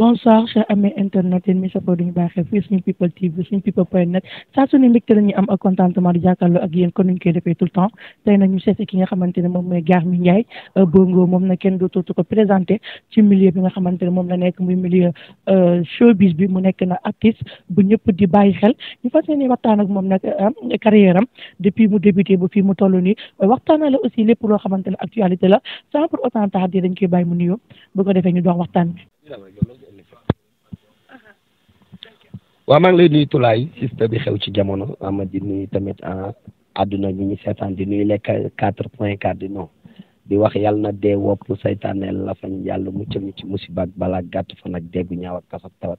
bonsoir chers amee internet yéen mi safoo duñu baaxee fii suñu people tv suñu people point net saa suñu mbégte la ñuy am ak contentement di jàkkaarloo ak yéen kon nuñ koy defee tout le temps tey nag ñu seeti ki nga xamante ne moom euh, na kenn dootootu ko présenté ci milieu bi nga xamante ne moom la nekk muy milieu euh, showbiz bi mu nekk na artiste bu ñëpp di bàyyi xel ñu fas yéene waxtaan ak moom nag carrière am depuis mu débuté ba fii mu toll nii waxtaana aussi lépp loo xamante ne actualité la sans pour autant tarder koy bàyyi mu nuyoo bu ko defee ñu doon waxtaan bi waaw maa ngi lay nuyu Tulaay siste bi xew ci jamono ama di nuyu tamit ah, àdduna ñi ñu seetaan di nuyu lekk quatre point quatre non di wax yàlla na dee wopp saytaaneel la fañ yàlla muccal ñu ci musiba ak balaa gàtt fan ak déggu ñaaw ak kasab tawat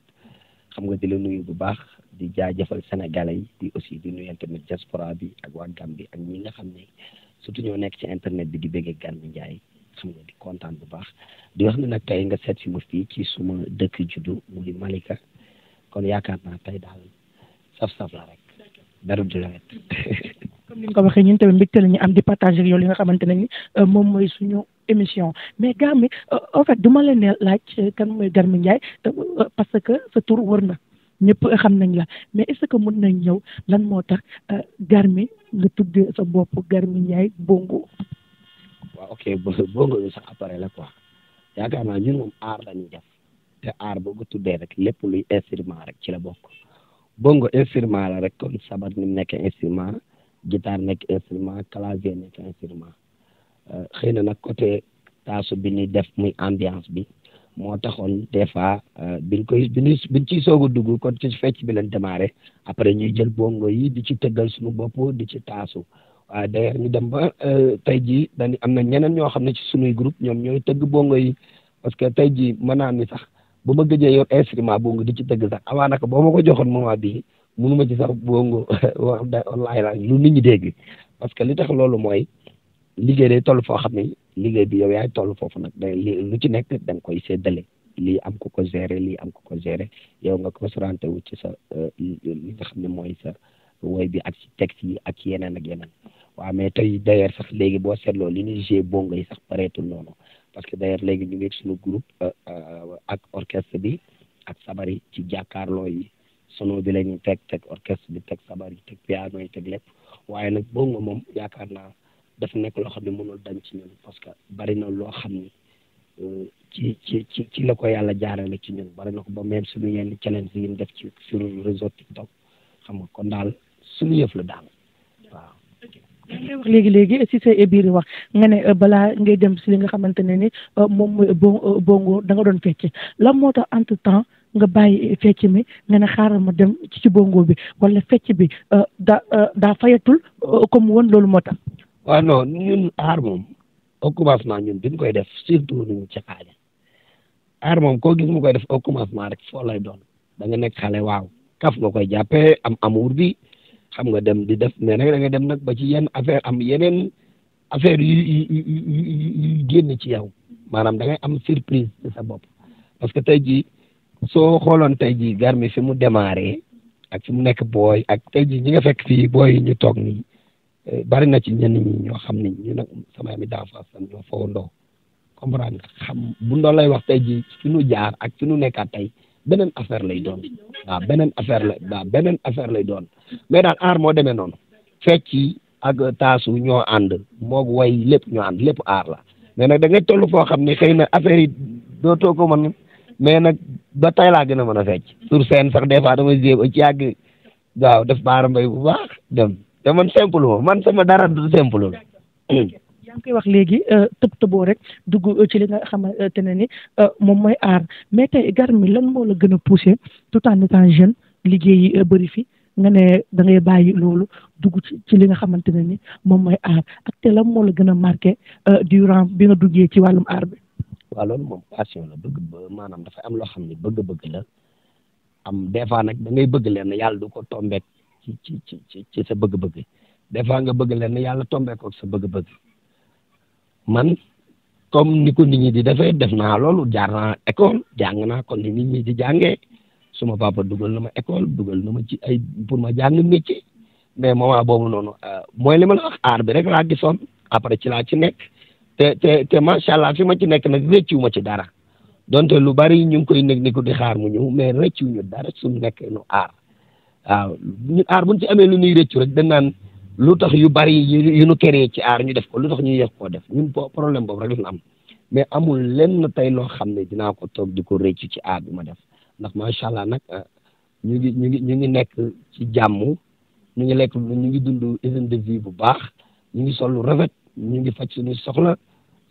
xam nga di la nuyu bu baax di jaajëfal sénégalais yi di aussi di nuyeel tamit diaspora bi ak waa Gambie ak ñi nga xam ne surtout ñoo nekk ci internet bi di bëggee Gana Ndiaye xam nga di kontaan bu baax di wax ne nag tey nga seet si ma fii ci suma dëkk juddu muy Malika kon yaakaar naa tey daal saf-saf la rek dara du la wet comme ni nga ko waxee ñun tamit mbégte la ñu am di partager ak yow li nga xamante ne ni euh, moom mooy suñu émission mais Garmi euh, en fait du ma leen ne laaj euh, kan mooy Garmi Ndiaye parce que sa tur wër na ñëpp xam nañ la mais est-ce que mën nañ ñëw lan moo tax Garmi nga tuddee sa bopp Garmi Ndiaye bongo. ok bongo bi sax appareil la quoi yaakaar naa ñun moom aar la ñuy te aar boo ko tuddee rek lépp luy instrument rek ci la bokk bongo instrument la rek comme sabar ni mu nekk instrument guitare nekk instrument clavier nekk instrument euh, xëy na nag côté taasu bi ñuy def muy ambiance bi moo taxoon des fois euh, biñ koy biñu biñ ciy soog dugg kon ci fecc bi lañ démarré après ñuy jël bongo yi di ci tëggal suñu bopp di ci taasu waaye d'ailleurs ñu dem ba euh, tey jii dañu am na ñeneen ñoo xam ne ci sunuy groupe ñoom ñooy tëgg bongo yi parce que tey jii mën naa ni sax ba ma gëjee yor instrument bongo di ci tëgg sax avant naka boo ma ko joxoon moment bii bi ma ci sax bongo wax da wallaahi la lu nit dégg parce que li tax loolu mooy liggéey day toll foo xam ne liggéey bi yow yaay toll foofu nag day lu ci nekk da nga koy séddale lii am ku ko gérer lii am ku ko gérer yow nga ko concentré wu ci sa euh, li nga xam ne mooy sa woy bi ak ci texte yi ak yeneen ak yeneen waaw mais tey d'ailleurs sax léegi boo seetloo li ñuy joué bongo yi sax pareetul noonu parce que d'ailleurs léegi ñu ngi suñu groupe euh, euh, ak orchestre bi ak sabar yi ci jàkkaarloo yi sono bi la ñuy teg teg orchestre bi teg sabar yi teg piano yi teg lépp waaye nag boobu moom yaakaar naa dafa nekk loo xam ne mënul dañ ci ñun parce que bari na loo xam ni euh, ci ci ci ci la ko yàlla jaarale ci ñun bari na ko ba même suñu yenn challenge yi ñu def ci suñu réseau TikTok xam nga kon daal suñu yëf la daal. léegi léegi si sa biir wax nga ne euh, balaa ngay dem si li nga xamante ne ni euh, moom mooy bon euh, bongo da doon fecc lan moo tax entre temps nga bàyyi fecc mi nga ne xaaral ma dem ci bongo bi wala fecc bi da daa fayatul comme woon loolu moo tax. waaw non ñun aar moom au commencement ñun bi koy def surtout ñu ci xaale aar moom koo gis mu koy def o commencement rek foo lay doon da nga nekk xale waaw kaf nga koy jàppee am amour bi. xam nga dem di def mais nag da dem nag ba ci yenn affaire am yeneen affaire yu yu génn ci yow maanaam da ngay am surprise ci sa bopp parce que tey jii soo xooloon tey jii Garmi fi mu demare ak fi mu nekk booy ak tey jii ñi nga fekk fii booy ñu toog nii eh, bari na ci ñenn ñoo xam ni ñu nag sama ami d'enfance sam ñoo fowandoo comprendre nga xam bu ndoo lay wax tey jii fi nu jaar ak fi nu nekkaat tey beneen affaire lay doon waaw beneen affaire la beneen affaire lay doon mais daal aar moo demee noonu fecc yi ak taasu ñoo ànd moog way lépp ñoo ànd lépp aar la mais nag da ngay toll foo xam ne xëy na affaire yi toog ko mën mais nag ba tey laa gën a mën a fecc sur scène sax des fois damay jéem a ci yàgg waaw def baara mbay bu baax dem te man simple man sama dara du simple la yaa ngi koy wax léegi euh, tëb tëboo rek dugg euh, ci li nga xamante ne ni euh, moom mooy aar mais tey Garmi lan moo la gën a poussé tout en étant jeune liggéey bëri fi nga ne dangay ngay loolu dugg ci li nga xamante ne ni moom mooy aar ak te lan moo la gën a marqué durant bi nga duggee ci wàllum aar bi. waaw loolu moom passion la bëgg ba maanaam dafa am loo xam ne bëgg-bëgg la am des fois nag da ngay bëgg leen yàlla du ko tombeek ci ci ci ci sa bëgg-bëgg des fois nga bëgg leen yàlla tombeekoo sa bëgg-bëgg. man comme ni ko ñi di defee def naa loolu jaar naa école jàng naa kon ni nit ñi di jàngee suma papa dugal na ma école dugal na ma ci ay pour ma jàng métier mais moment boobu noonu euh, mooy li ma la wax aar bi rek laa son après ci laa ci nekk te te te macha allah fi ma ci nekk nag rëccuwuma ci dara donte lu bari ñu ngi koy nekk ni ko di xaar mu ñëw mais rëccuwuñu dara suñu nekk nu aar waaw ñu ar buñ ci amee lu ñuy rëccu rek dañ naan lu tax yu bari yu ñu créé ci aar ñu def ko lu tax ñu yéex koo def ñun problème boobu rek la am mais amul lenn tey loo xam ne dinaa ko toog di ko rëcc ci aar bi ma def ndax macha allah nag euh, ñu ngi ñu ngi ñu ngi nekk ci jàmm ñu ngi lekk ñu ngi dund hygiène de vie bu baax ñu ngi sol lu rafet ñu ngi faj suñu soxla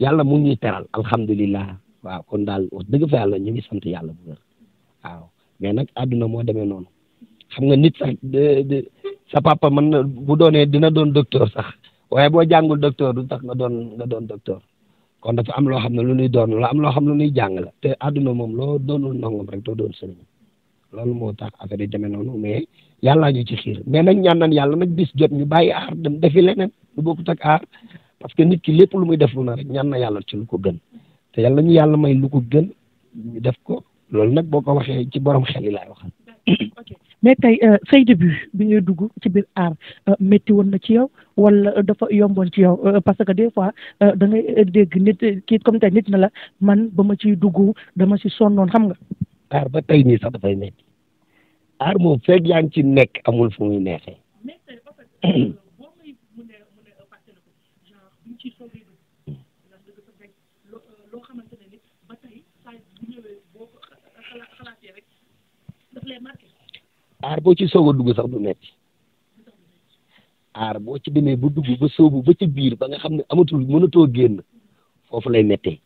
yàlla mu ñuy teral alhamdulillah waaw kon daal wax dëgg fa yàlla ñu ngi sant yàlla bu wér waaw mais nag àdduna moo demee noonu. xam nga nit sax sa papa mën na bu doonee dina doon docteur sax waaye boo jàngul docteur du tax nga doon nga doon docteur kon dafa am loo xam ne lu ñuy doon la am loo xam ne lu ñuy jàng te àdduna moom loo doonul nangam rek doo doon sëriñ loolu moo tax affaire yi demee noonu mais yàllaa ñu ci xiir mais nag ñaan nañ yàlla nag bis jot ñu bàyyi aar dem defi leneen lu bokkut ak aar parce que nit ki lépp lu muy def lu na rek ñaan na yàlla ci lu ko gën te yàlla ñu yàlla may lu ko gën ñu def ko loolu nag boo ko waxee ci borom xel laay waxal mais tey euh, say début bi ngay dugg ci biir aar euh, métti woon na ci yow wala euh, dafa yomboon ci yow parce que des fois da ngay dégg nit kii comme tey nit na la man ba ma ciy dugg dama ci sonnoon xam nga. aar ba tey nii sax dafay métti aar moom feeg yaa ngi ci nekk amul fu muy neexee. aar boo ci soog a dugg sax du metti aar boo ci demee bu dugg ba sóobu ba ci biir ba nga xam ne amatul mënatoo génn foofu lay méttee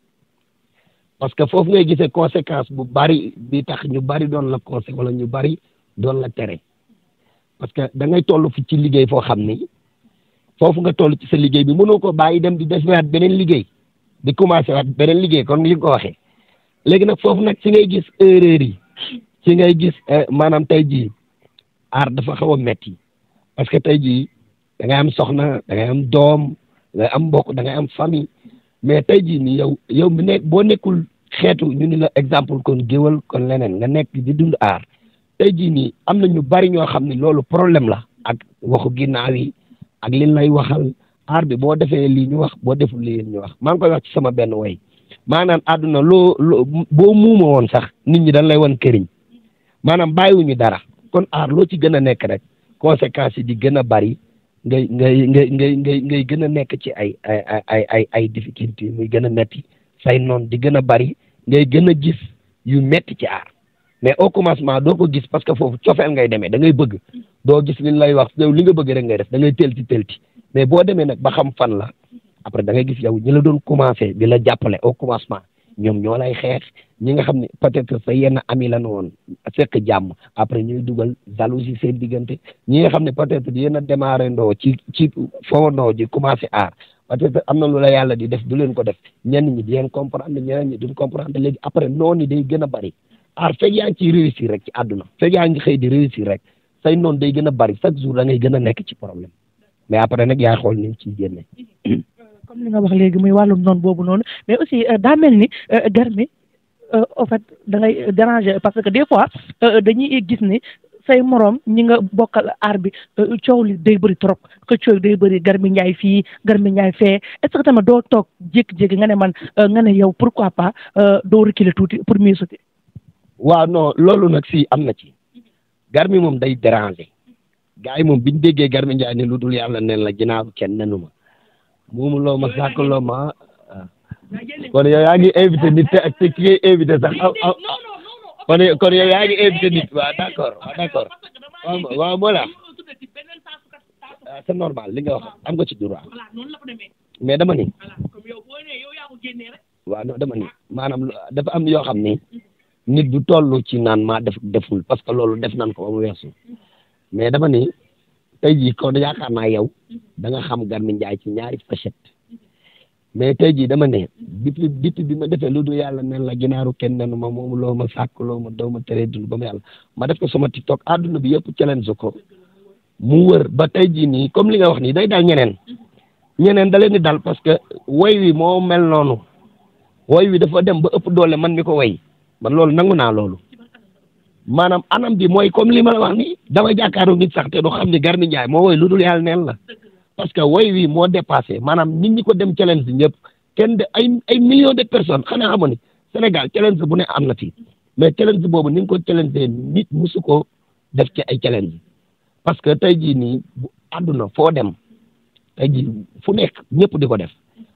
parce que foofu ngay gisee conséquence bu bari bi tax ñu bari doon la conseil wala ñu bari doon la tere parce que da ngay toll fi ci liggéey foo xam ni foofu nga toll ci sa liggéey bi mënoo ko bàyyi dem di defewaat beneen liggéey di commencé waat beneen liggéey kon li nga ko waxee léegi nag foofu nag ci ngay gis erreur yi ci ngay gis eh, maanaam tey jii aar dafa xaw metti parce que tey jii da ngay am soxna da am doom da ngay am mbokk da ngay am famille mais tey jii nii yow yow mi nekk boo nekkul xeetu ñu ni la exemple kon géwal kon leneen nga nekk di dund aar tey jii nii am na ñu bari ñoo xam ne loolu problème la ak waxu ginnaaw yi ak liñ lay waxal aar bi boo defee lii ñu wax boo deful lii ñu wax maa ngi wax ci sama benn woy maanaam àdduna loo loo boo muuma woon sax nit ñi dañ lay wan këriñ maanaam bàyyiwuñu dara kon aar loo ci gën a nekk rek conséquences yi di gën a bari ngay ngay ngay ngay ngay ngay gën a nekk ci ay ay ay ay ay difficulté muy gën a metti say noon di gën a bari ngay gën a gis yu metti ci aar mais oo commencement doo ko gis parce que foofu cofeel ngay deme da ngay bëgg doo gis li lay wax yow li nga bëgg rek ngay def da ngay telti telti mais boo demee nag ba xam fan la après da ngay gis yow ñi la doon commencé bi la jàppale au commencement ñoom ñoo lay xeex ñi nga xam ne peut-être sa yenn ami la woon fekk jàmm après ñuy dugal jalousie seen diggante ñi nga xam ne peut-être yéen a démarré ndoo ci ci foo ndoo ji commencé aar peut-être am na lu la di def du leen ko def ñenn ñi di leen comprendre ñeneen ñi duñ comprendre léegi après noon yi day gën a bari aar fekk yaa ngi ci réussir rek ci àdduna fekk yaa ngi xëy di réussir rek say noonu day gën a bari chaque jour da ngay gën a nekk ci problème mais après nag yaa xool ciy génne comme nga wax léegi muy wàllum noon boobu noonu mais aussi euh, daa mel ni euh, Garmi en euh, fait dérangé parce que des fois dañuy gis ni say morom ñi nga bokkal aar bi coow li day bëri trop xëccoo day bëri Garmi Ndiaye fii Garmi Ndiaye fee est-ce doo toog jékki-jékki nga ne man nga ne yow pourquoi pas doo reculer tuuti pour mieux sauter. waaw non loolu nag si am na ci. Garmi moom day déranger. gars yi moom biñ déggee Garmi Ndiaye ne lu dul yàlla neen la ginnaaw kenn nenu ma. muumuloo ma sàkkuloo ma kon yow yaa ngi invité nit te te ki ngay invité sax kon kon yow ngi invité nit waaw d'accord waaw moo la ah, c'est normal li nga wax am nga ci droit mais dama ni waaw non dama ni maanaam dafa am yoo xam ni hmm. nit du toll ci naan maa def deful parce que loolu def nan ko ba mu weesu hmm. mais dama tey jii kon yaakaar naa yow da nga xam Garmi Ndiaye ci ñaari facette mais tey jii dama ne depuis depuis bi ma defee lu dul yàlla mel na ginaaru kenn nenu ma moomu loo ma sàkk loo ma doo ma tere dund ba mu yàlla ma def ko sama TikTok àdduna bi yëpp challenge ko mu wër ba tey jii nii comme li nga wax nii day dal ñeneen ñeneen da leen di dal parce que woy wi moo mel noonu woy wi dafa dem ba ëpp doole man mi ko woy ba loolu nangu naa loolu maanaam anam bi mooy comme li ma wax ni damay jàkkaaru nit sax te du xam ni Garmi Ndiaye moo woy lu dul yàlla neen la parce que woy wi moo dépassé maanaam nit ñi ko dem challenge ñëpp kenn de ay ay millions de personnes xanaa xamoon ni Sénégal challenge bu ne am na fi mais challenge boobu ni nga ko challenge nit musu ko def ci ay challenge parce que tey jii nii bu àdduna foo dem tey ji fu nekk ñëpp di ko def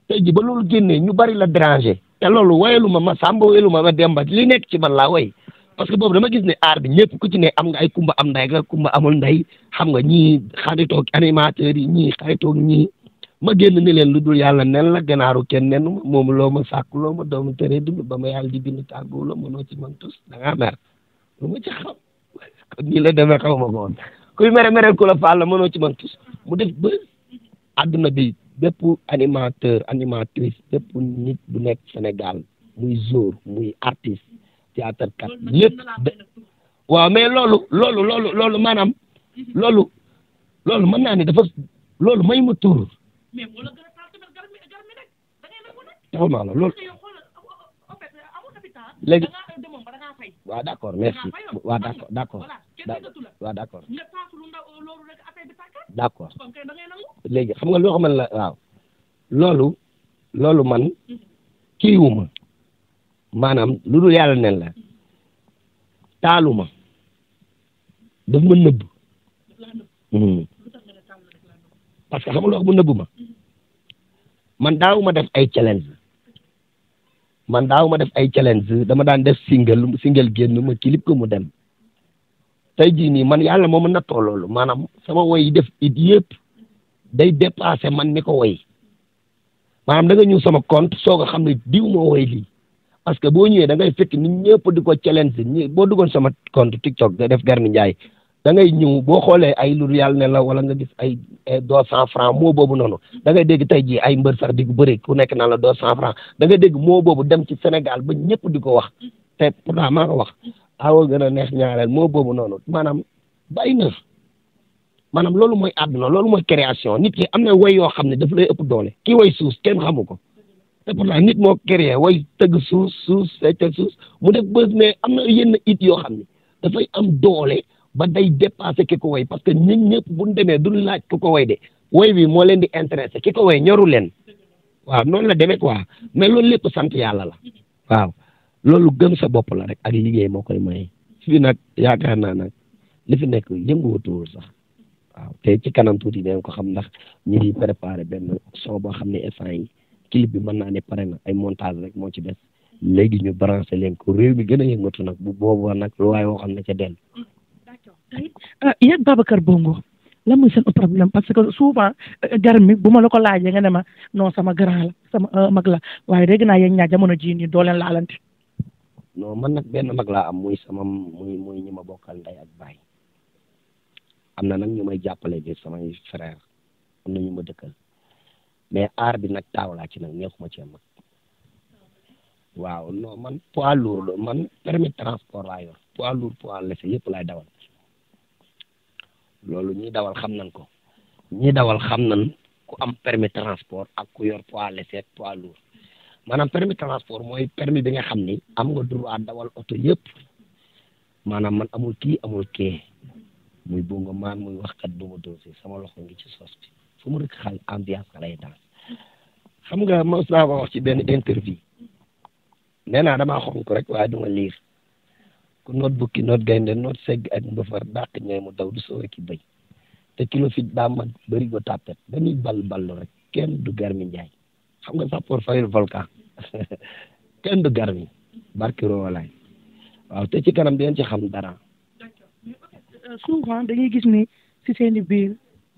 tey jii ba loolu génnee ñu bari la déranger te loolu woyelu ma ma Samba woyelu ma Demba nekk ci man laa woy parce que boobu dama gis ne aar bi ñëpp ku ci ne am nga ay kumba am nday nga kumba amul nday xam nga ñii xaritoog animateurs yi ñii xaritoog ñii ma génn ni leen lu dul yàlla nen la ganaaru kenn nenu moom loo ma sàkk loo ma doomu tere dund ba ma yàlla di bind tàggoo la mënoo ci man tus da ngaa mer lu ma ci xam kon nii la demee ma ko woon kuy mere mereel ku la faal ci man tus mu def ba àdduna bi bépp animateur animatrice bépp nit bu nekk Sénégal muy jour muy artiste théâtre kat lépp waaw mais loolu loolu loolu loolu maanaam mhm. loolu loolu mën naa ne dafa loolu may ma tur la loolu léegi waaw d'accord merci waaw d'accord d'accord waaw d'accord d'accord léegi xam nga loo xamal la loolu loolu man mhm. kiiwuma maanaam lu dul yàlla nen la taaluma daf ma nëbb hmm. parce que xam nga lu wax ma man daaw ma def ay challenge man daaw ma def ay challenge dama daan def single single génn ma clip ko mu dem tey jii nii man yàlla moo ma na loolu maanaam sama woy yi def it yëpp day dépassé man mi ko woy maanaam da nga ñëw sama compte soog a xam ne diw moo woy lii parce que boo ñëwee da ngay fekk nit ñëpp di ko challenge ñi boo duggoon sama compte TikTok nga def Garmi Ndiaye da ngay ñëw boo xoolee ay lu yàlla ne la wala nga gis ay deux cent franc moo boobu noonu da ngay dégg tey jii ay mbër sax di ko bëri ku nekk naan la deux cent franc da ngay dégg moo boobu dem ci Sénégal ba ñëpp di ko wax te pourtant maa ko wax awo gën a neex ñaareel moo boobu noonu maanaam bay na maanaam loolu mooy àdduna loolu mooy création nit ki am na way yoo xam ne daf lay ëpp doole ki way suus ko te pourtant nit moo créé way tëgg suus suus fecc suus mu def bës mais am na yenn it yoo xam ne dafay am doole ba day dépassé ki ko way parce que nit ñëpp bu ñu demee duñ laaj ki ko way de way bi moo leen di intéressé ki ko way ñoru leen waaw noonu la demee quoi mais loolu lépp sant yàlla la waaw loolu gëm sa bopp la rek ak liggéey moo koy maye fii nag yaakaar naa nag li fi nekk yënguwutuwul sax waaw te ci kanam tuuti dinañ ko xam ndax ñu préparé benn son boo xam ne instant yi clip bi mën naa ne pare na ay montage rek moo ci des léegi ñu branché leen ko réew bi gën a yëngatu nag bu boobaa nag lu waaye waxoon na ca dellu. d'accord euh, yéen Babacar Bongo lan que souvent euh, garab mi bu ma ko laajee nga ma non sama grand la euh, mag la waaye dégg naa yéen ñaar jamono jii nii doo leen laalante. non man nag benn mag laa am muy sama muy muy ñi ma bokkal ndey ak baay am na nag ñu may jàppale bi samay frère am na ñu ma dëkkal. mais aar bi nag taaw laa ci nag neexuma cee mag waaw non man poids lourd la man permis transport laa yor poids lourd poids léger laay dawal loolu ñi dawal xam nañ ko ñi dawal xam nañ ku am permis transport ak ku yor poids léger poids lourd maanaam permis transport mooy permis bi nga xam ni am nga droit dawal oto yëpp maanaam man amul kii amul kee muy bongo maan muy wax waxkat duma dosi sama loxo ngi ci sos bi fu mu rek xal ambiance ka lay xam nga mos naa wax ci benn interview nee naa damaa xonk rek waaye duma liir ku noot ki noot gaynde noot segg ak mbëfar dàq ñooy mu daw du soo ki bëy te kilo fit daa man bëri go tàppet dañuy bal ballu rek kenn du garmi njaay xam nga sappoor fayul volcan kenn du garmi barki roolaay waaw te ci kanam dinañ ci xam dara euh, souvent dañuy gis ni si seen biir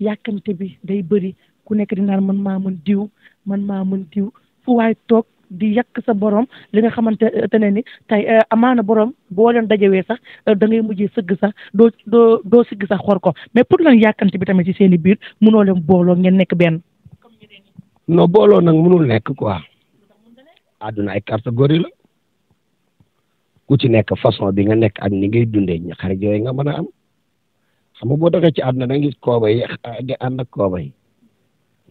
yàkkamte bi day bëri ku nekk di naan man maa mën diw man maa mën diw fu waay toog di yàq sa borom li nga xamante eh, ne ni tey eh, amaana borom boo leen dajewee sax eh, da ngay mujjee sëgg sax doo doo doo sëgg sax xor ko mais pour lan yàkkante bi tamit ci seeni biir mënoo leen booloo ngeen nekk benn. non booloo nag mënul nekk quoi. àdduna ay catégorie la. ku ci nekk façon bi nga nekk ak ni ngay dundee ñi xarit yooyu nga mën a am. xam nga boo doxee ci àdduna da gis kooba yi ah, di ànd ak kooba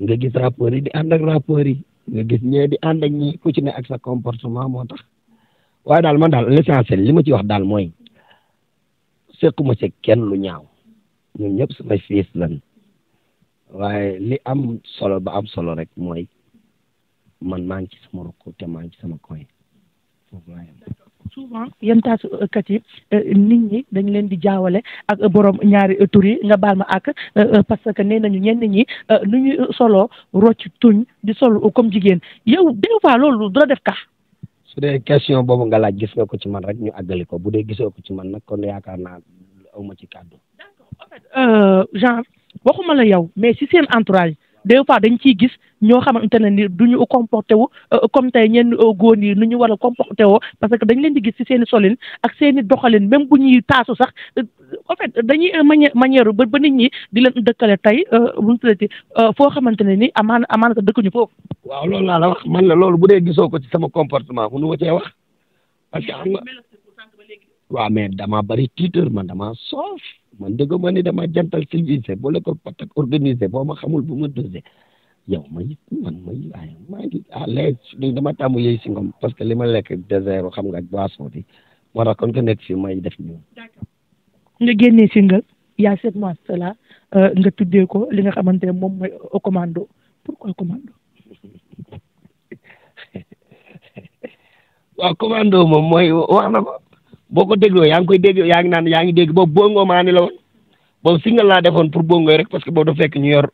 nga gis rappeurs yi di ànd ak rappeurs yi nga gis ñee di ànd ak ñi ne ak sa comportement moo tax waaye daal man daal l'essentiel li ma ci wax daal mooy sequma ci kenn lu ñaaw ñun ñëpp samay fiis lan waaye li am solo ba am solo rek mooy man maa ngi ci sama ruq maa ngi ci sama koy souvent yenn taasukat yi euh, nit ñi dañ leen di jaawale ak borom ñaari tur yi nga baal ma ak euh, euh, parce que nee nañu ñenn ñi nu ñuy soloo rocc tuñ di sol comme jigéen yow des fois loolu du la def kax su dee question boobu nga laaj gis nga ko ci man rek ñu àggali ko bu dee gisoo ko ci man nag kon yaakaar naa awma ci kàddu. d'accord en fait waxuma la yow mais si seen entourage des fois dañ ciy gis ñoo xamante ne ni du ñu comporté wu euh, comme tey ñenn euh, góor yi nu ñu war a comporté woo parce que dañu leen di gis ci seen i solin ak seeni i doxalin même bu ñuy taasu sax euh, en fait dañuy manière manière ba ba nit ñi di leen dëkkale tey bu ñu tuddati foo xamante ne ni amaana amaana ko dëkkuñu foofu. waaw loolu laa la wax man la loolu bu dee gisoo ko ci sama comportement mënu ma cee wax parce que xam nga waaw mais dama bari tiiteur man dama soof. man dëgg ma ni dama jantal civilisé boole ko pat ak boo ma xamul bu ma dosé yow ma it man ma it waaye maa ngi à l'aise dama tàmm yooyu si ngom parce que li ma lekk désert xam nga ak boisson bi moo tax kon ko nekk fii may single il y a sept mois cela euh, nga tuddee ko li nga xamante ne moom mooy au commando pourquoi commando. waaw commando moom mooy wax na ko. boo ko dégloo yaa ngi koy dégg yaa ngi naan yaa ngi dégg boobu bongo maani la woon boobu single laa defoon pour bongo rek parce que boobu dafa fekk ñu yor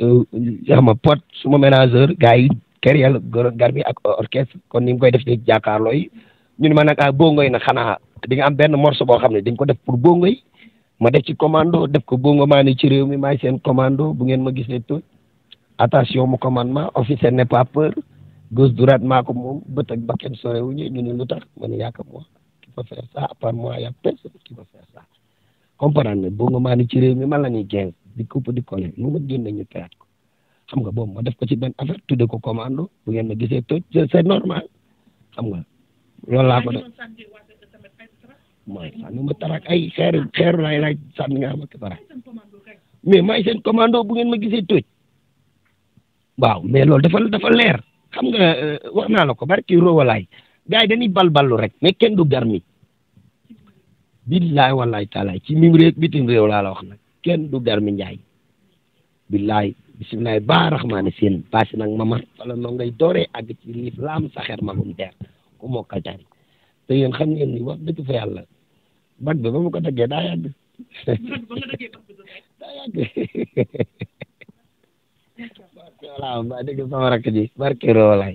euh, ma pot suma ménageur gars yi kër yàlla garmi ak orchestre kon ni mu koy def ci jàkkaarloo ñun ma nag ah bongo yi nag xanaa di am benn morceau boo xam ne dañ ko def pour bongo yi ma def ci commando def ko bongo maani ci réew mi maay seen commando bu ngeen ma gisee tooñ attention mu commandement officier n'est pas peur gauche droite maa ko moom bët ak bakken sorewuñu ñu ne lu tax ma ne yaakaar moom peut faire ça à part moi nga boo nga maa ci réew mi man la ñuy gën di coupe di collé mu ma génne ñu teyaat ko xam nga boobu ma def ko ci benn affaire tudde ko komando bu ngeen ma gisee toj c'est normal xam nga loolu laa ko def mooy sànni ma tarak ay xeeru xeeru laay laaj sànni nga xam ak mais maay seen commando bu ngeen ma gisee toj waaw mais loolu dafa dafa leer xam nga euh, war naa la ko barki roowalaay gars yi dañuy balballu rek mais kenn du garmi billaay wallaay taalaay ci mim réew bitim réew laa wax nag kenn du Garmi Ndiaye billaay bisimilahi ba rahmaani seen baasi nag ma mat wala noo ngay dooree ci liif laam saxeer magum deer ku mokkal tari te yéen xam ngeen ni wax dëgg fa yàlla bag bi ba mu ko daggee daa yàgg daa yàgg voilà ba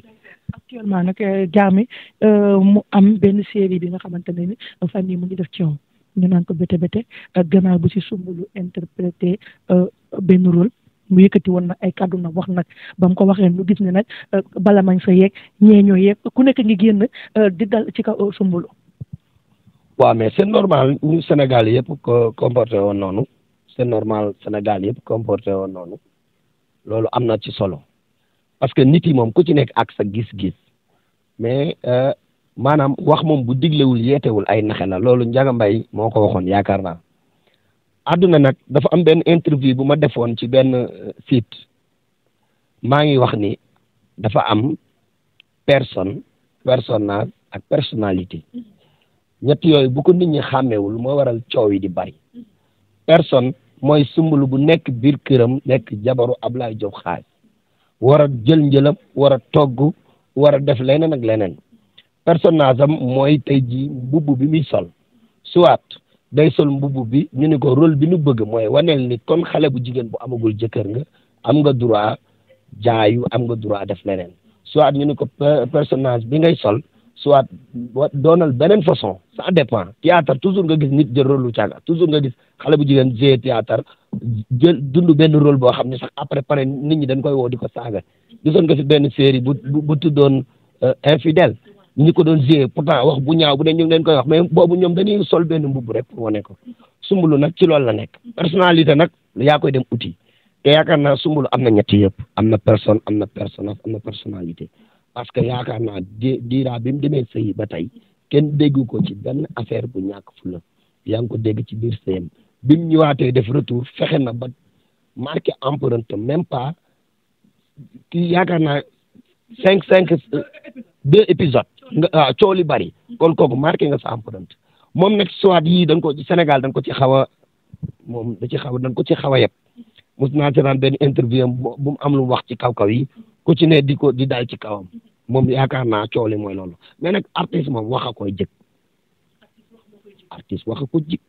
actuellement nag euh, jaami euh, mu am benn série bi nga xamante ne ni fan yii mu ngi def ci yow ñu naan ko bété bété gannaaw bu si sumbulu interprété euh, benn rôle mu yëkkati woon nag ay kàddu nag wax nag ba mu ko waxee nu gis ne nag bala mañ sa yeeg ñeeñoo yeeg ku nekk ngi génn di dal ci ka sumbulu. waaw mais c'est normal ñu Sénégal yëpp ko comporté woon noonu c'est normal Sénégal yëpp comporté woon noonu loolu am na ci solo. parce que nit yi moom ku ci nekk ak sa gis-gis mais euh, maanaam wax moom bu diglewul yeetewul ay naxe la loolu Ndiaga Mbaye moo ko waxoon yaakaar naa àdduna nag dafa am benn interview bu ma defoon ci benn euh, site maa ngi wax ni dafa am personne personnage ak personnalité ñett yooyu bu ko nit ñi xàmmewul moo waral coow yi di bari mm-hmm. personne mooy sumbulu bu nekk biir këram nekk jabaru Ablaye Diop xaaj war a jël njëlab war a togg war a def leneen ak leneen personnage am mooy tey jii mbubb bi muy sol soit day sol mbubb bi ñu ne ko rôle bi nu bëgg mooy waneel nit kon xale bu jigéen bu amagul jëkkër nga am nga droit jaayu am nga droit def leneen soit ñu ne ko personage bi ngay sol soit doonal beneen façon ça dépend théâtre toujours nga gis nit jël rôle lu caaga toujours nga gis xale bu jigéen jee théâtre dundu dund benn rôle boo xam ne sax après pare nit ñi dañ koy woo di ko saaga gisoon nga fi benn série bu bu tuddoon euh, infidèle ñi ko doon joué pourtant wax bu ñaaw bu dee ñu leen koy wax mais boobu ñoom dañuy sol benn mbubu rek pour wane ko sumbulu nag ci loolu la nekk personnalité nag yaa koy dem uti te yaakaar naa sumbulu am na ñetti yëpp am na personne am na personnage am na personnalité parce que yaakaar naa di diiraa bi mu demee sëyi ba tey kenn déggu ko ci benn affaire bu ñàkk fula yaa ngi ko dégg ci biir sëyam bi mu ñëwaatee def retour fexe na ba marqué empreinte même pas kii yaakaar naa cinq cinq deux épisodes nga waaw ah, coow bari kon kooku marqué nga sa empreinte moom nag soit yii dañ ko Sénégal dañ ko ci xaw a moom da ci xaw a dañ ko ci xaw a yëpp mos naa seetaan benn interview am bu mu am lu wax ci kaw-kaw yi ku ci ne di ko di daal ci kawam moom yaakaar naa coow li mooy loolu mais nag artiste moom wax koy jëkk ko jëkk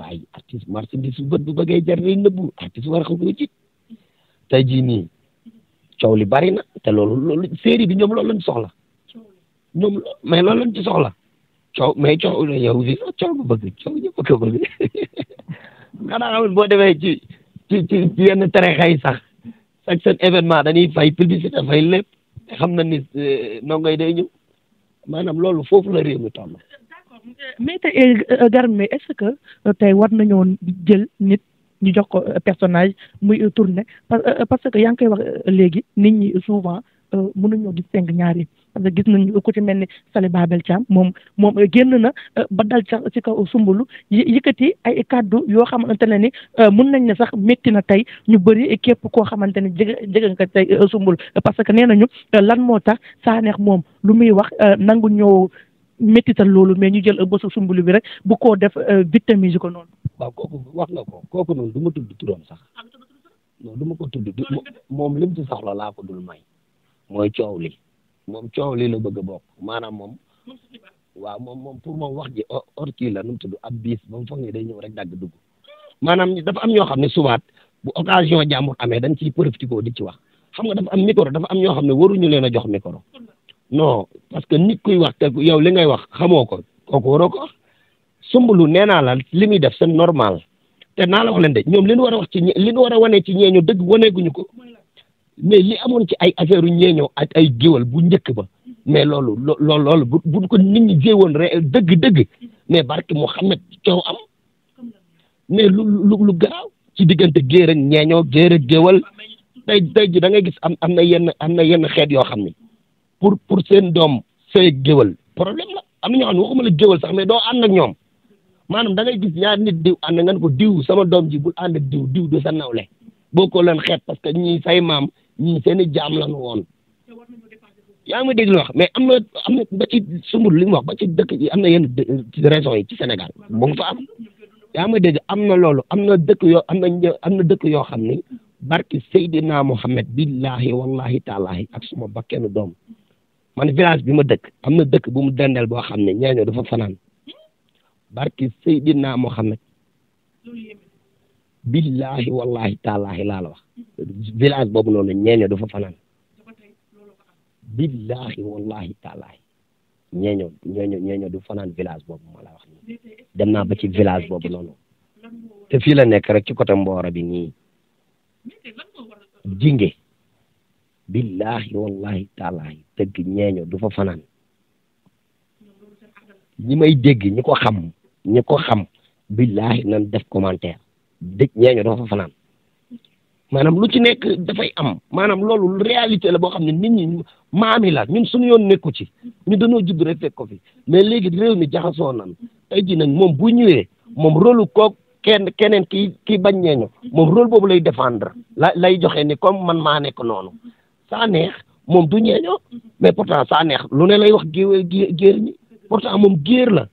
waaye artiste marchandise bu bët bu bëggee jar day nëbbu artiste war a xam koy jik tey jii nii coow li bari na te loolu loolu série bi ñoom loolu lañ soxla ñoom mais loolu lañ ci soxla coow mais coow la yow si coow bu bëgg coow ñëpp ko bëgg xanaa xamul boo demee ci ci ci yenn terexa yi sax chaque seen événement dañuy fay publicité lépp xam na ni euh, nongoy day ñëw maanaam loolu foofu la réew mi toll mais te Garmi est-ce que euh, tey war nañoo jël nit ñu jox ko euh, personnage muy euh, tourné parce que yaa ngi koy wax léegi nit ñi souvent mënuñoo distingue ñaar yi parce que gis nañu ku ci mel ni Sali Babel Thiam moom moom génn na ba dal sax ci kaw sumbulu yëkkati ay kàddu yoo xamante ne ni mun nañ ne sax métti na tey ñu bëri képp koo xamante ne jege jege nga tey sumbulu parce que nee nañu lan moo tax saaneex moom lu muy wax nangu ñëw. méttital loolu mais ñu jël bësu sumbulu bi rek bu ko def euh, victimiser ko noonu. waaw kooku wax nga ko kooku noonu du ma tudd turam sax ah, non du ma ko tudd moom lim ci soxla laa ko dul may mooy coow li moom coow li la bëgg a bokk maanaam moom waaw moom moom pour moom wax ji or kii la nu mu tudd ab biis moom mu foog ne day ñëw rek dagg dugg maanaam dafa am ñoo xam ne subaat bu occasion jàmbur amee dañ ciy ko di ci wax xam nga dafa am micro dafa am ñoo xam ne waruñu leen a jox micro non parce que nit kuy wax te yow li ngay wax xamoo ko kooku waroo ko wax sumbulu nee naa la li muy def seen normal te naa la wax leen de ñoom li ñu war a wax ci li ñu war a wane ci ñeeño dëgg waneeguñu ko mais li amoon ci ay affaire yu ñeeñoo ak ay géwal bu njëkk ba mais loolu loo loolu bu buñ ko nit ñi jéewoon re dëgg-dëgg mais barke Mouhamed coow am mais lu lu lu garaaw ci diggante géer ak ñeeñoo géer ak géwal tey tey ji da ngay gis am am na yenn am na yenn xeet yoo xam ni pour pour seen doom sëy géwal problème la am na ñoo xam ne waxuma la géwal sax mais doo ànd ak ñoom maanaam da ngay gis ñaar nit diw ànd nga ne ko diw sama doom ji bul diw diw du sa nawle boo ko leen xeet parce que ñii say maam ñii seen jaam la lañu woon yaa ngi ma dégg lu mais am na am na ba ci li mu wax ba ci dëkk yi am na yenn raison yi ci Sénégal bu nga fa am ma dégg am na loolu am na dëkk yoo am na am na dëkk yoo xam ni barki Seydina Mohamed billahi wallahi taalahi ak suma bakkenu doom man village bi ma dëkk am na dëkk bu mu dendeel boo xam ne ñeeño dafa fanaan barki Seydina Mohamed billahi wallahi taalaahi laa wax village boobu noonu ñeeño dafa fanaan billahi wallahi taalaahi ñeeño ñeeño ñeeño du fanaan village boobu ma la wax dem naa ba ci village boobu noonu te fii la nekk rek ci côté Mboro bi nii jinge billaahi wallahi taalaahi dëgg ñeeño du fa fanaan ñi may dégg ñi ko xam ñi ko xam billaahi nan def commentaire dëgg ñeeño du fa fanaan maanaam lu ci nekk dafay am maanaam loolu réalité la boo xam ne nit ñi maami la ñun suñu yoon nekku ci ñu dañoo judd rek fekk ko fi mais léegi réew mi jaxasoo nan tey ji nag moom bu ñëwee moom rôle kook kenn keneen kii kii bañ ñeeño moom rôle boobu lay défendre la lay joxe ni comme man maa nekk noonu saa neex moom du ñeeñoo mais pourtant saa neex lu ne lay wax géwél géer ñi pourtant moom géer la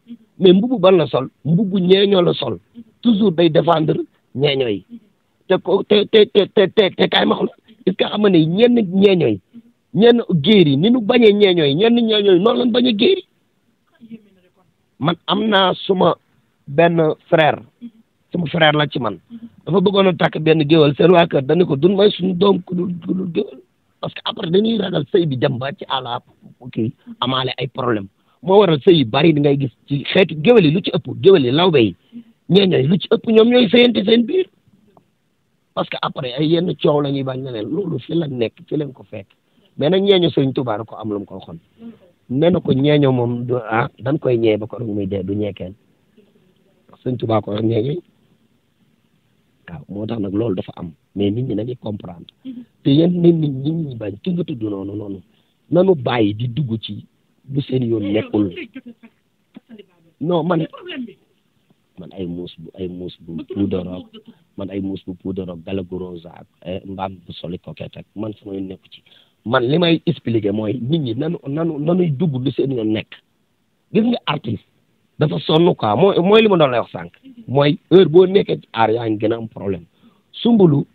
mais mbubu ban la sol mbubu ñeeñoo la sol toujours day défendre ñeeñoo yi te ko te te te te te kaay ma xam est-ce que xam nga ne ñenn ñeeñoo yi ñenn géer yi ni ñu bañee yi ñenn ñeeñoo yi noonu lañ bañee géer man am naa suma benn frère suma frère la ci man dafa bëggoon a takk benn géwél seen waa kër dañu dun may suñu doom ku dul parce que après dañuy ragal sëy bi dem ba ci àlla kii amaale ay problème moo waral sëy yu bari di ngay gis ci xeetu géwél yi lu ci ëpp géwél yi lawbe yi ñeeñooy lu ci ëpp ñoom ñooy sëyante seen biir parce que après ay yenn coow la ñuy bañ ne leen loolu nekk fi lañ ko fekk mais nag ñeeño sëñ Tuubaa ko am lum mu ko waxoon nee na ko ñeeño moom du ah dañ koy ñee ba ko rek muy dee du ñee kenn sëñ Tuubaa ñeeñoy waaw moo tax nag loolu dafa am mais nit ñi nañu comprendre mm-hmm. te yéen nit ñi nit ñi bañ ki nga tudd noonu noonu nanu bàyyi di dugg ci lu seen yoon nekkul non man man ay mos bu ay muus bu puudaroog man ay mos bu puudaroog galagu rosa ak eh, mbaam bu soli man sama yoon nekku ci man li may expliquer mooy nit ñi nanu nanu nanuy dugg lu seen yoon nekk gis nga artiste dafa sonn quoi mooy mooy li ma doon lay wax sànq mm-hmm. mooy heure boo nekk ci aar yaa problème sumbulu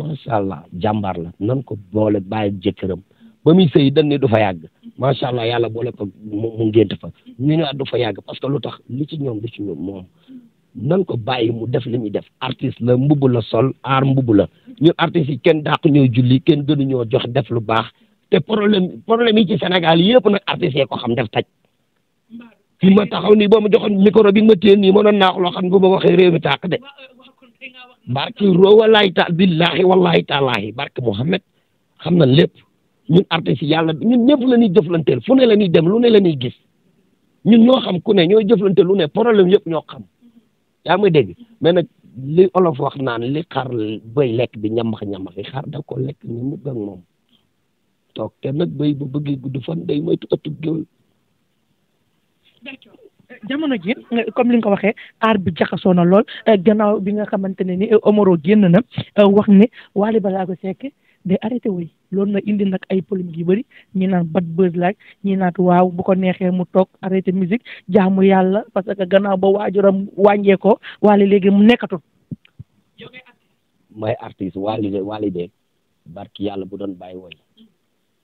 macha allah jàmbaar la nan ko boole bàyyi jëkkëram ba muy sëy dañ ne du fa yàgg macha allah yàlla boole ko mu ngént fa ñu ne du fa yàgg parce que lu tax li ci ñoom du ci ñoom moom nan ko bàyyi mu def li muy def artiste la mbubb la sol aar mbubb la ñu artistes yi kenn dàq ñoo julli kenn gënuñoo jox def lu baax te problème problème yi ci Sénégal yëpp nag artistes yi ko xam def taj fi ma taxaw nii boo ma joxoon micro bi ma téye nii mënoon naa ko loo xam ne bu barke roo walaay ta billahi wallahi taalaahi barke Mouhamed xam na lépp ñun artistes yi yàlla ñun ñëpp la ñuy jëflanteel fu ne la ñuy dem lu ne la ñuy gis ñun ñoo xam ku ne ñooy jëflante lu ne problème yëpp ñoo xam yaa may dégg mais nag li olof wax naan li xar bëy lekk bi ñamax ñamax yi xar da ko lekk ñun ñëpp ak moom toog te nag bëy bu bëggee gudd fan day moytu ëttu géwél jamono ji comme li nga ko waxee aar bi jaxasoo na lool gannaaw bi nga xamante ne ni Omaro génn na wax ne Wally Ballago Seck day arrêté woy loolu na indi nag ay polémique yu bëri ñi naan bad buzz laaj ñi naat waaw bu ko neexee mu toog arrêté musique jaamu yàlla parce que gannaaw ba waajuram wàññeekoo Wally léegi mu nekkatul. may artiste Wally de Wally de barki yàlla bu doon bàyyi woy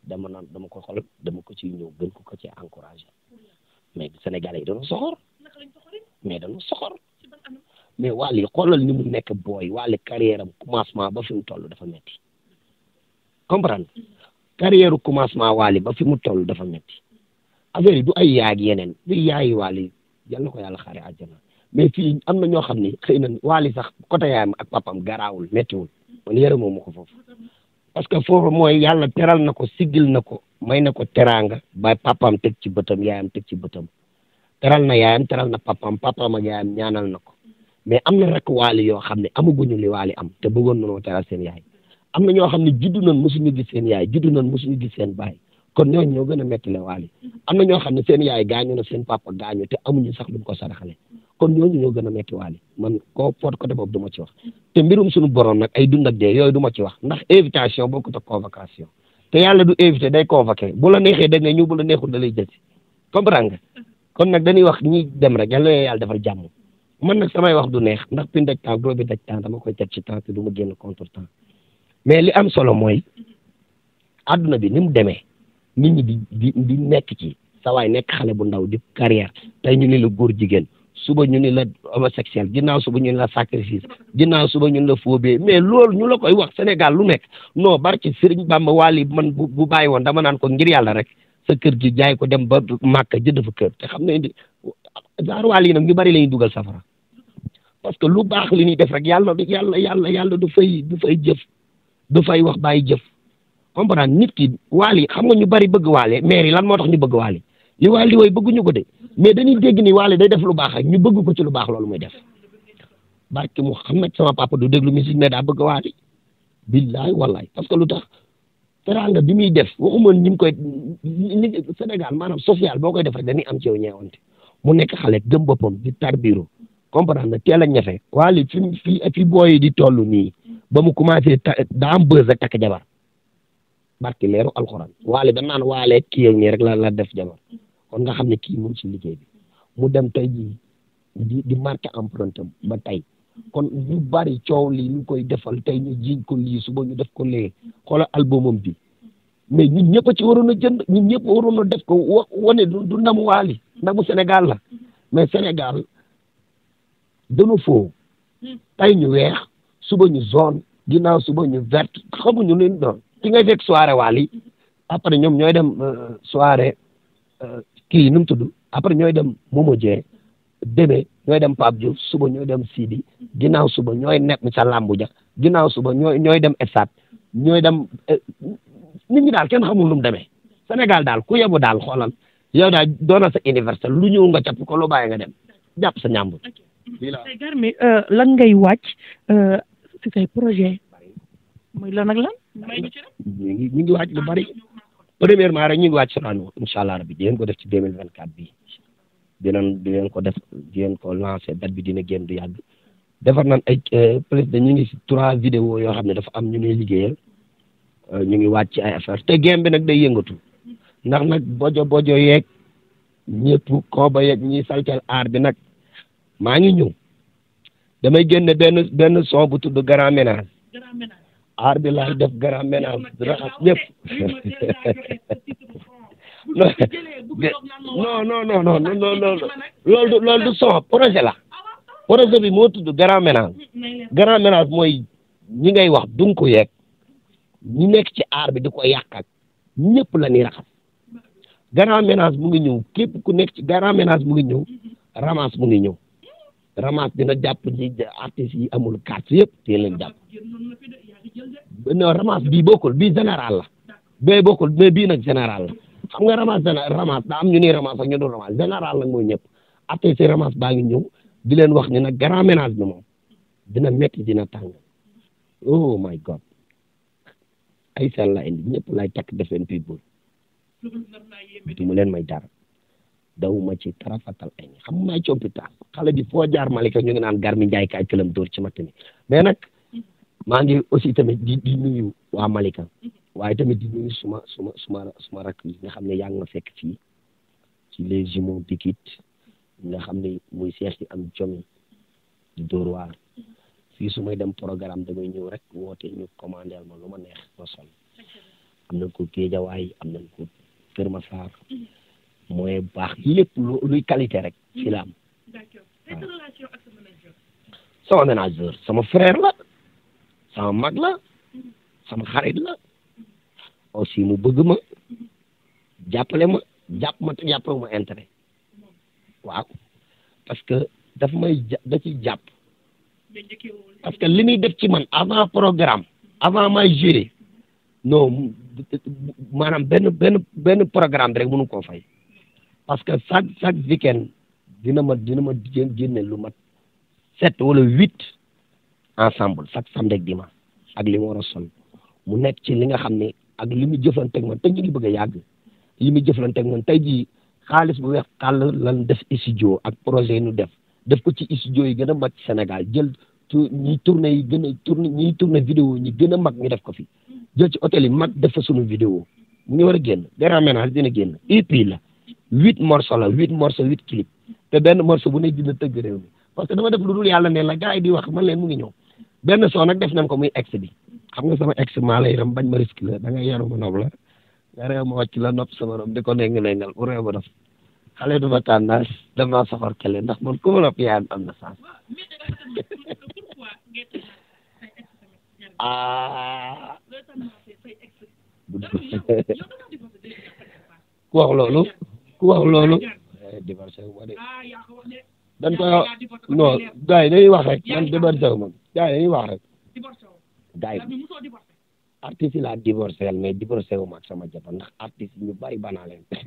dama naan dama ko xol dama ko ciy ñëw gën ko ko ci encouragé. mais sénégal yi dañoo soxor mais dañoo soxor mais Wally xoolal ni mu nekk booy Wally carrière am commencement ba fi mu toll dafa metti comprendre mm-hmm. carrière commencement Wally ba fi mu toll dafa metti affaire du ay yaag yeneen du yaayi Wally yal na ko yàlla xaare àjjana mais fii am na ñoo xam ne xëy na Wally sax côté yaayam ak papam garaawul mettiwul man moom ma ko foofu parce que foofu mooy yàlla teral na ko siggil na ko may na ko teraanga ba papaam teg ci bëtam yaayam teg ci bëtam teral na yaayam teral na papaam papaam ak yaayam ñaanal na ko mais am na rek waali yoo xam ne amaguñu li waali am te bëggoon nañoo teral seen yaay am na ñoo xam ne juddu nañ mosuñu gis seen yaay juddu nañ mosuñu gi seen baay kon ñooñu ñoo gën a mettile le waali am na ñoo xam ne seen yaay gaañu na seen papa gaañu te amuñu sax luñ ko saraxale kon ñooñu ñoo gën a metti waale man koo foot côté boobu du ma ci wax te mbirum suñu borom nag ay dund ak dee yooyu du ma ci wax ndax invitation ko ak convocation te yàlla du invité day convoqué bu la neexee da nga ñëw bu la neexul da lay jël comprendre kon nag dañuy wax ñi dem rek yàlla yàlla defal jàmm man nag samay wax du neex ndax pin daj temps gros bi daj temps ma koy te ci temps te du ma génn contre temps mais li am solo mooy adduna bi ni mu demee nit ñi di nekk ci sa nekk xale bu ndaw di carrière tey ñu ni la góor suba ñu ni la homosexuel ginnaaw suba ñu ni la sacrifice ginnaaw suba ñu ni la phobie mais loolu ñu la koy wax Sénégal lu nekk non barki Sëriñ Bamba Wally man bu bu bàyyi woon dama naan ko ngir yàlla rek sa kër gi jaay ko dem ba Màkka jënd fa kër te xam ne genre Wally yi nag ñu bari la dugal safara parce que lu baax li ñuy def rek yàlla du yàlla yàlla yàlla du fay du jëf du fay wax bàyyi jëf comprendre nit ki Wally xam nga ñu bari bëgg Wally maire yi lan moo tax ñu bëgg Wally li waal woy bëgguñu ko de mais dañuy dégg ni waale day def lu baax rek ñu bëgg ko ci lu baax loolu muy def barke Mouhamed sama papa du déglu musique mais daa bëgg waali billaay wallaay parce que lu tax teranga bi muy def waxuma ni mu koy senegal maanaam social boo koy def rek dañuy am ci yow ñeewante mu nekk xale gëm boppam di tarbiru comprendre na teel a ñafe waali fi fi fi booyi di toll nii ba mu commencé daa am bës rek takk jabar barke leeru alxuraan waale da naan waale kii yow rek la la def jabar kon nga xam ne kii mu ngi liggéey bi mu dem tey jii di di marqué ba tey kon ñu bari coow lii ñu koy defal tey ñu jiñ ko lii suba ñu def ko lee xoolal albumam bi mais ñun ñëpp a ci waroon a jënd ñun ñëpp a def ko wa wane du ndamu waali ndamu senegal la mais Sénégal dañu foo tey ñu weex suba ñu zone ginnaaw suba ñu verte xamuñu ne non ci ngay fekk soirée waali après ñoom ñooy dem euh, soirée. Euh, kii nu mu tudd après ñooy dem Momo Dieng demee ñooy dem Pape Diouf suba ñooy dem Sidi ginnaaw suba ñooy nekk ca làmbu ja ginnaaw suba ñooy ñooy dem Esat ñooy dem eh, nit ñi daal kenn xamul nu mu demee Sénégal daal ku yebu daal xoolal yow daal doona sa université lu ñëw nga capp ko lu bàyyi nga dem jàpp sa ñàmbur. tey Garmi euh, lan ngay wàcc euh, si say projet mooy lan ak lan. ñu ngi ñu ngi wàcc lu bari. premièrement rek ñu ngi wàcc Sorano incha allah rabbi di leen ko def ci deux mille vingt quatre bii dinañ ko def di ko lancé date bi dina génn du yàgg defar nañ ay euh, président ñu ngi si trois yoo xam ne dafa am ñu ñuy liggéeyal euh, ñu ngi wàcc ay affaire te game bi nag day yëngatu ndax nag bojo bojo yeeg ñëpp kooba yeeg ñiy saltel aar bi nag maa ngi ñëw damay génne benn benn son bu tudd grand ménage aar bi laay def grand ménage raxas ñëpp non non non non non du loolu du son projet la projet bi moo tudd grand ménage grand ménage mooy ñi ngay wax dun ko yeeg ñi nekk ci aar bi di ko yàq ak ñëpp la ñuy raxas grand ménage mu ngi ñëw képp ku nekk ci grand ménage mu ngi ñëw ramas mu ngi ñëw ramas dina jàpp ci artistes yi amul carte yëpp te leen jàpp non ramasse bii bokkul bii général la bee bokkul mais bii nag général la xam nga ramasse ramasse daa ñu nii ramasse a ñu dul ramasse général nag mooy ñëpp a si ramasse baa ngi ñëw di leen wax ne nag grand ménage bi moom dina métti dina tàng oh my god ay seen la indi ñëpp lay takk def leen people du mu leen may dara daw ma ci tarafatal ay xam may compita xale bi foo jaar Malika ñu ngi naan garmi njaay kaay këlam dóor ci matt ni mais nag maa ngi aussi tamit di di nuyu waa Malika mhm. waaye tamit di nuyu suma suma suma suma rakk yi nga xam ne yaa ngi ma fekk fii ci les jumeaux Pikit nga xam ne muy seex yi am jomi di Dóor mhm. fii su may dem programme damay ñëw rek woote ñu commandé ma lu ma neex ma sol am na ko Géejawaay am nañ ko Kër ma Massar mooy mhm. baax lépp lu luy qualité rek fi la sama manager. sama sama frère la. sama mag la sama xarit la aussi mu bëgg ma jàppale ma jàpp ma te ma intérêt waaw parce que daf may da ci jàpp parce que li muy def ci man avant programme avant may gérer non maanaam benn benn programme bi rek mënu koo fay parce que chaque chaque weekend dina ma dina ma génne lu mat sept wala huit ensemble chaque samedi ak dimanche ak li mu war a sol mu nekk ci li nga xam ne ak li mu jëflanteeg man ma ñu ngi bëgg a yàgg li mu jëf jëflanteeg man tey jii xaalis bu weex tàll lan def studio ak projet nu def def ko ci studio yi gën a mag ci Sénégal jël ñi tourné yi gën a tourné ñiy tourné vidéo ñi gën a mag ñu def ko fi jël ci hôtel yi mag def sunu vidéo mu ngi war a génn grand ménage dina génn EP la huit morceaux la huit morceaux huit clip benn morceau bu ne dina tëgg réew mi parce que dama def lu wax man leen mu ngi ñëw benn son nag def nañ ko muy ex bi xam nga sama ex maa la yaram bañ ma risque la da nga yaru ma nopp la nga réew ma wàcc la nopp sama nopp di ko néngi-néngal bu réew ma nopp xale du ma tànnaas damaa soxor kele ndax man ku ma nopp yaayam am na sens ah ku wax loolu ku wax loolu eh, divorcé wu ma de ah, dañ koy non gars yi dañuy wax rek man divorcé wu man gars yi dañuy wax rek. gars yi artiste laa divorcé mais divorcé wu ak sama jabar ndax artiste ñu bari banaa leen ah,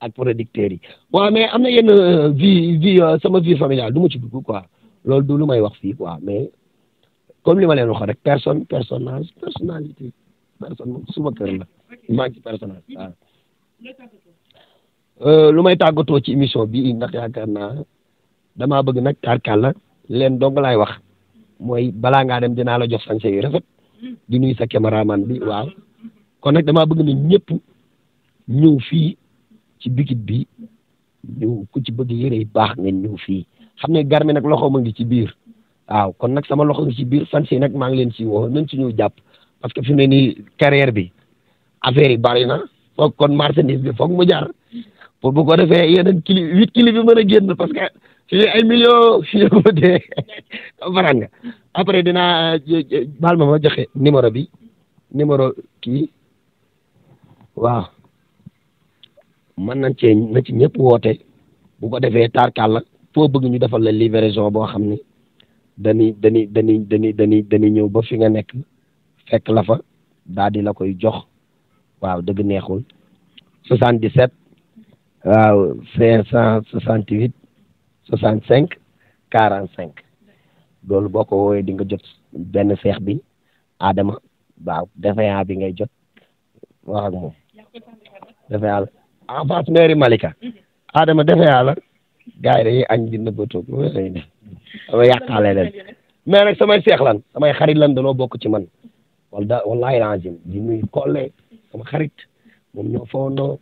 ak producteurs yi waaw mais am na yenn euh, vie vie euh, sama vie familiale du ma ci dugg quoi loolu du lu may wax fii quoi mais comme li ma leen wax rek personne personnage personnalité personne moom suma kër la maa ngi ci euh, lu may tàggatoo ci émission bi ndax yaakaar naa damaa bëgg nag tarkal la leen dong laay wax mooy balaa ngaa dem dinaa la jox sañse yu rafet di nuyu sa caméraman bi waaw kon nag damaa bëgg na ñëpp ñëw fii ci bikit bi ñëw ku ci bëgg yére yu baax ngeen ñëw fii xam ne Garmi nag loxo ma ngi ci biir waaw kon nag sama loxo ngi ci biir sañse yi nag maa ngi leen si woo nañ ci ñëw jàpp parce que fi mu ne nii carrière bi affaire yi na foog kon marchandise foog mu jar pour bu ko defee yeneen kili huit kili bi mën a fii ay millions fii ko dee après dinaa euh, baal ma ma joxe numéro bi numéro kii waaw mën nañ cee na ci ñëpp woote bu ko defee tarkalla foo bëgg ñu defal la livraison boo xam ni dañuy dañuy dañuy dañuy dañuy dañuy ñëw ba fi nga nekk fekk la fa daal di la koy jox waaw dëgg neexul 77 waaw 568. soixante cinq quarante cinq loolu boo ko woowee di nga jot benn seex bi Adama waaw defeyaa bi ngay jot wax ak moom defeyaa la en face mairie Malika Adama defeyaa la gars yi dañuy añ di nëbbatoo loolu la ñuy def leen mais samay seex samay xarit lan danoo bokk ci man wala wallaahi laazim di nuyu Kole sama xarit moom ñoo fowandoo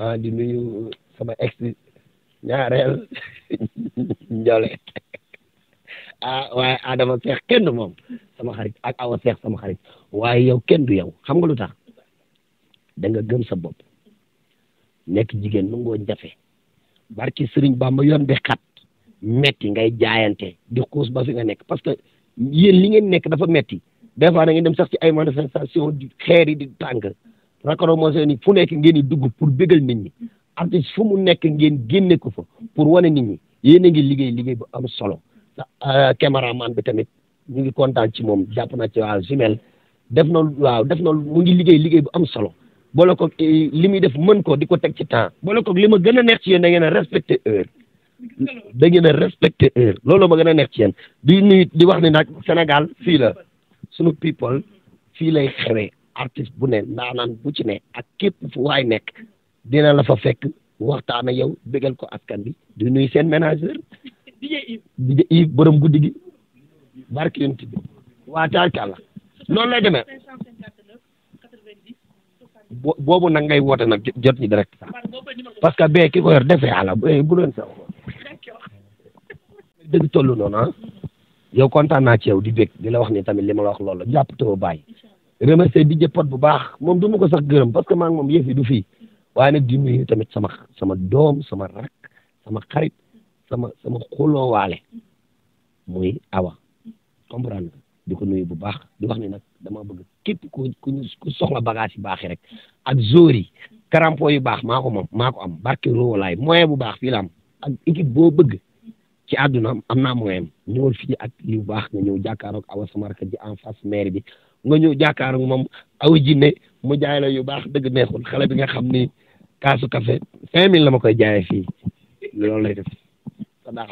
ah sama ex ñaareel njole ah waaye Adama Seex kenn moom sama xarit ak Awa Seex sama xarit waaye yow kenn du yow xam nga lu tax da nga gëm sa bopp nekk jigéen nu ngoo jafe barki Sëriñ Bamba yoon bi xat metti ngay jaayante di xuus ba fi nga nekk parce que yéen li ngeen nekk dafa metti des fois da ngeen dem sax ci ay manifestation di xeer yi di tàng rakaroo moo seeni fu nekk ngeen di dugg pour bégal nit ñi artiste fu mu nekk ngeen génne ko fa pour wane nit ñi yéen a ngi liggéey liggéey bu am solo euh, caméraman bi tamit ñu ngi kontaan ci moom jàpp na ci waa Jumel def na waaw def na mu ngi liggéey liggéey bu am solo boole ko eh, li muy def mën ko di ko teg ci temps boole ko li ma gën a neex ci yéen da a respecté heure da ngeen a respecté heure loolu ma gën a neex ci yéen di nuyu di wax ni nag Sénégal fii la sunu people fii lay xewee artiste bu ne ndaanan bu ci ne ak képp fu nekk dina la fa fekk waxtaan ak yow bégal ko askan bi di nuyu seen ménageur di je Yves borom guddi gi barki yéen bi waa taarkàlla noonu lay boobu nangay ngay nag jot ñi direct parce que bee ki ko yor defe yàlla bu leen sax dëgg toll noonu ah yow kontaan naa ci yow di bég di la wax ni tamit li ma la wax loolu jàpp too bàyyi remercier di jëppat bu baax moom du ma ko sax gërëm parce que maa moom yëf yi du fii waaye nag di nuyu tamit sama sama doom sama rakk sama xarit sama sama xuloowaale muy awa comprendre di ko nuyu bu baax di wax ni nag dama bëgg képp ku ku soxla bagage yu baax rek ak zóor yi karampo yu baax maa ko moom maa ko am barke roowalaay moyen bu baax fii la ak équipe boo bëgg ci àdduna am naa moyen ñëwal fii ak yu baax nga ñëw jàkkaaroog awa sama rakk ji en face maire bi nga ñëw jàkkaaroog moom awa jinne mu jaay la yu baax dëgg neexul xale bi nga xam ni kaasu café cinq mille la ma koy jaayee fii loolu lay def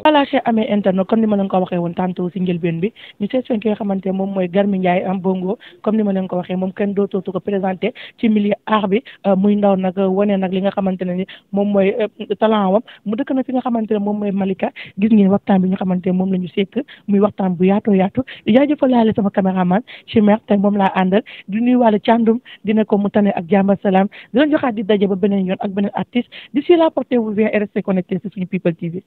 voilà chers amis internet comme ni ma leen ko waxee woon tantôt si njëlbeen bi ñu seet seen ki nga xamante moom mooy Garmi Ndiaye am bongo comme ni ma leen ko waxee moom kenn dootootu ko présenté ci milieu art bi euh, muy ndaw nag euh, wane nag li nga xamante ne ni moom mooy euh, talent wam mu dëkk na fi nga xamante ne moom mooy Malika gis ngeen waxtaan bi ñu xamante ne moom la ñu seet muy waxtaan bu yaatoo yaatu jaajëfal laale sama caméraman Chimère tey moom laa àndal di nuyu wàllu càndum dina ko mu tane ak jàmba salaam dina joxaat di daje ba beneen yoon ak beneen artiste la là portez-vous bien et restez connectés sur suñu People TV